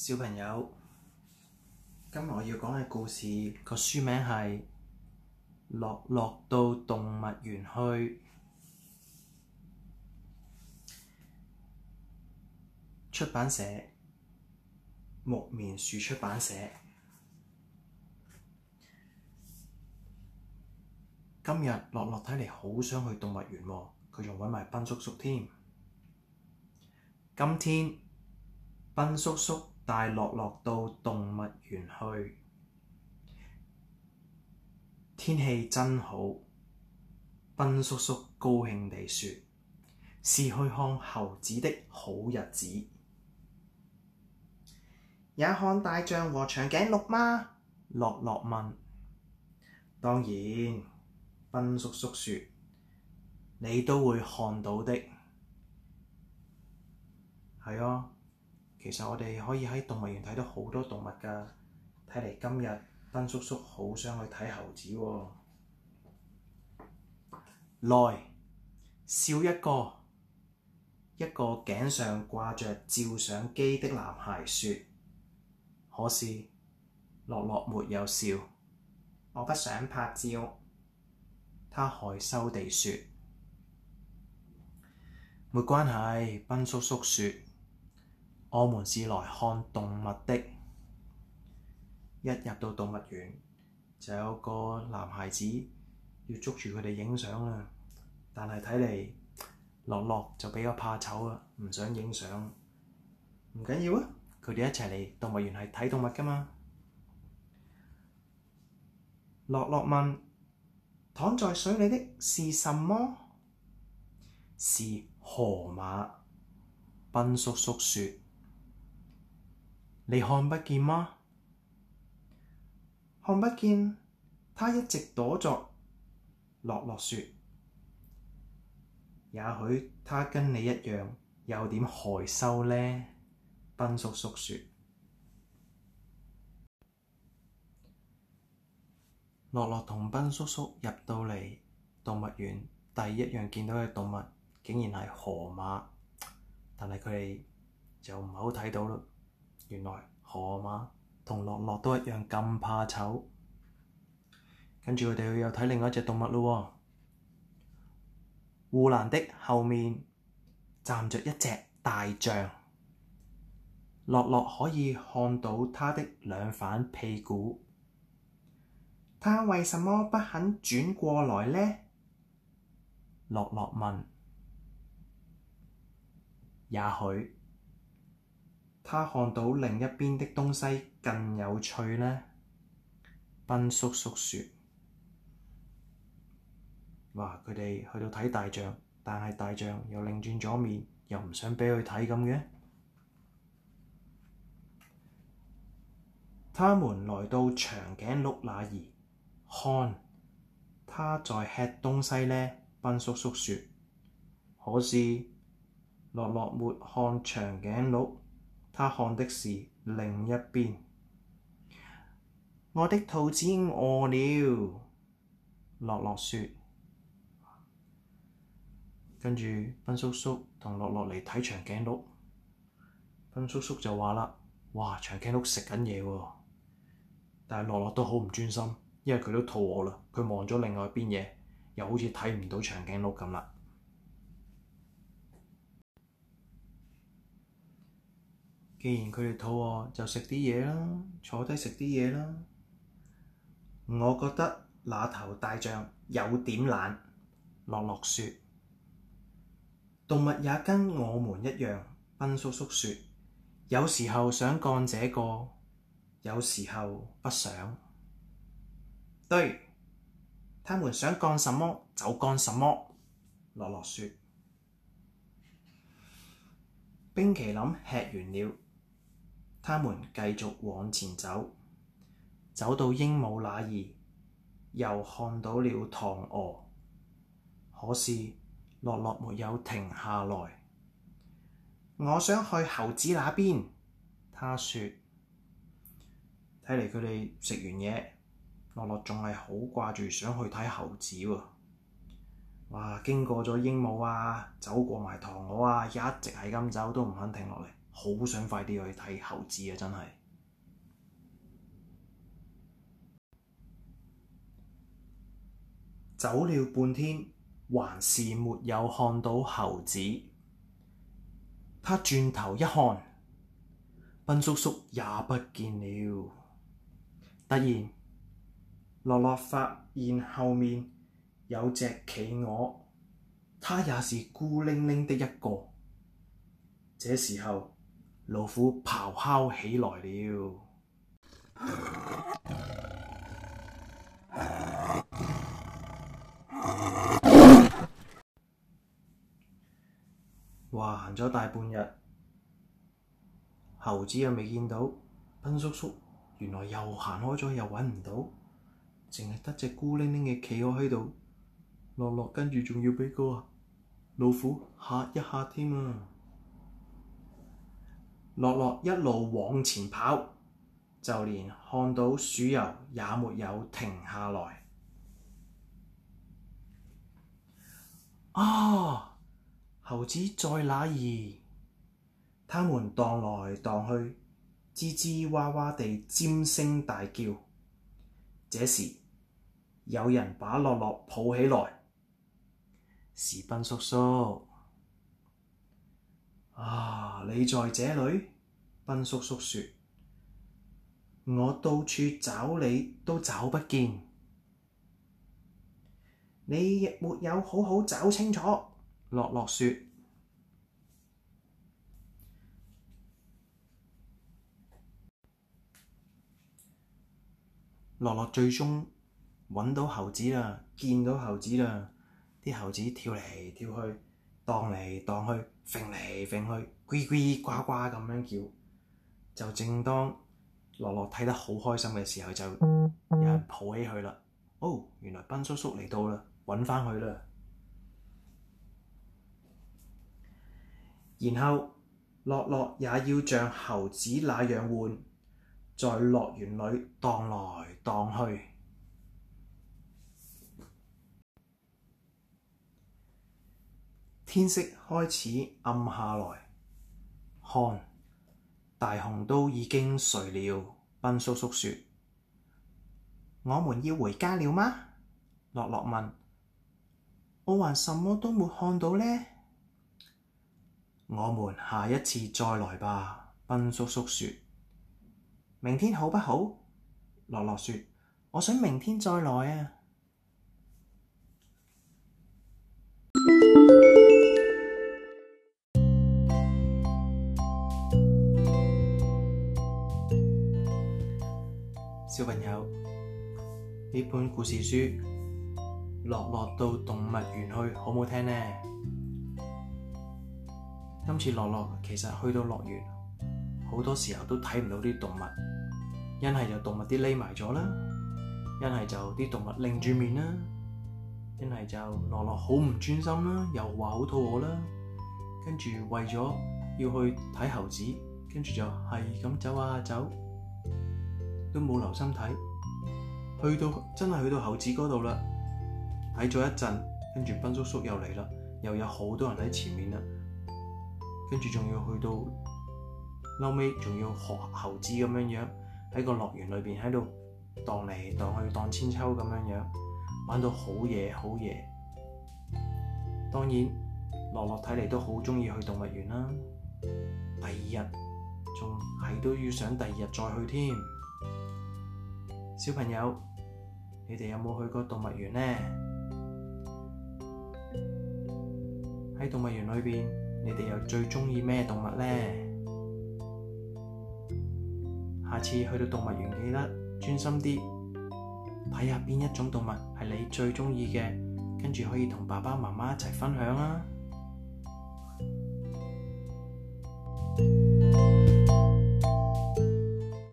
小朋友，今日我要講嘅故事個書名係《洛洛到動物園去》，出版社木棉樹出版社。今日洛洛睇嚟好想去動物園喎，佢仲揾埋賓叔叔添。今天賓叔叔帶洛洛到動物園去，天氣真好。賓叔叔高興地說：是去看猴子的好日子。也看大象和長頸鹿嗎？洛洛問。當然，賓叔叔說：你都會看到的。係啊。其實我哋可以喺動物園睇到好多動物㗎。睇嚟今日賓叔叔好想去睇猴子喎。哦，來，笑一個。一個頸上掛着照相機的男孩説：可是洛洛沒有笑。我不想拍照。他害羞地説。沒關係，賓叔叔説。我們是來看動物的。一入到動物園，就有個男孩子要捉住佢哋影相啦。但係睇嚟，洛洛就比較怕醜啊，唔想影相。唔緊要啊，佢哋一齊嚟動物園係睇動物㗎嘛。洛洛問：躺在水裡的是什麼？是河馬。賓叔叔叔說。你看不見嗎？看不見，他一直躲着。洛洛説：「也許他跟你一樣有點害羞呢。」賓叔叔説：「洛洛同賓叔叔入到嚟動物園，第一樣見到嘅動物竟然係河馬，但係佢哋就唔好睇到咯。原來河馬同洛洛都一樣咁怕醜，跟住佢哋又睇另外一隻動物咯。護欄的後面站着一隻大象，洛洛可以看到他的兩瓣屁股。他為什麼不肯轉過來呢？洛洛問。也許。他看到另一邊的東西更有趣呢。賓叔叔説：話佢哋去到睇大象，但係大象又擰轉咗面，又唔想畀佢睇咁嘅。他們來到長頸鹿那兒，看他在吃東西呢。賓叔叔説。可是洛洛沒看長頸鹿。他看的是另一邊，我的肚子餓了，洛洛說。跟住賓叔叔同洛洛嚟睇長頸鹿，賓叔叔就話喇：哇，長頸鹿食緊嘢喎！但係洛洛都好唔專心，因為佢都肚餓喇。佢望咗另外一邊嘢，又好似睇唔到長頸鹿咁嘞。既然佢哋肚餓，就食啲嘢啦，坐低食啲嘢啦。我覺得那頭大象有點懶。洛洛説：動物也跟我們一樣。賓叔叔説：有時候想幹這個，有時候不想。對，他們想幹什麼就幹什麼。洛洛説：冰淇淋吃完了。他們繼續往前走，走到鸚鵡那兒，又看到了唐鵝。可是洛洛沒有停下來。我想去猴子那邊，他說，睇嚟佢哋食完嘢，洛洛仲係好掛住想去睇猴子喎。哇！經過咗鸚鵡啊，走過埋唐鵝啊，一直係咁走都唔肯停落嚟。好想快啲去睇猴子啊！真係走了半天，還是沒有看到猴子。他轉頭一看，賓叔叔也不見了。突然，洛洛發現後面有隻企鵝，他也是孤零零的一個。這時候，老虎咆哮起來了，哇！行咗大半日，猴子又未見到，賓叔叔原來又行開咗，又搵唔到，淨係得隻孤零零嘅企鵝喺度，洛洛跟住仲要畀個老虎嚇一嚇添啊！洛洛一路往前跑，就連看到鼠油也沒有停下來。啊、哦！猴子在哪兒？牠們盪來盪去，吱吱哇哇地尖聲大叫。這時，有人把洛洛抱起來，是賓叔叔。啊！你在這裏，賓叔叔說：我到處找你都找不見，你亦沒有好好找清楚。洛洛說：洛洛最終揾到猴子啦，見到猴子啦，啲猴子跳嚟跳去，蕩嚟蕩去。揈嚟揈去，吱吱呱呱咁樣叫，就正當洛洛睇得好開心嘅時候，就有人抱起佢啦。哦，原來賓叔叔嚟到啦，揾返佢啦。然後洛洛也要像猴子那樣換，在樂園裏蕩來蕩去。天色開始暗下來，看大熊都已經睡了。賓叔叔說：我們要回家了嗎？洛洛問。我還什麼都沒看到呢。我們下一次再來吧。賓叔叔說。明天好不好？洛洛說：我想明天再來啊。小朋友，呢本故事書，洛洛到動物園去，好唔好聽呢？今次洛洛其實去到樂園，好多時候都睇唔到啲動物，一係就動物啲匿埋咗啦，一係就啲動物擰住面啦，一係就洛洛好唔專心啦，又話好肚餓啦，跟住為咗要去睇猴子，跟住就係咁走啊走。都冇留心睇，去到真係去到猴子嗰度啦。睇咗一陣，跟住賓叔叔又嚟啦，又有好多人喺前面啦。跟住仲要去到後尾，仲要學猴子咁樣樣喺個樂園裏邊喺度蕩嚟蕩去，蕩千秋咁樣樣玩到好嘢，好嘢。當然洛洛睇嚟都好鍾意去動物園啦。第二日仲係都要想第二日再去添。小朋友，你哋有冇去過動物園呢？喺動物園裏面，你哋又最中意咩動物呢？下次去到動物園，記得專心啲睇下邊一種動物係你最中意嘅，跟住可以同爸爸媽媽一齊分享啦。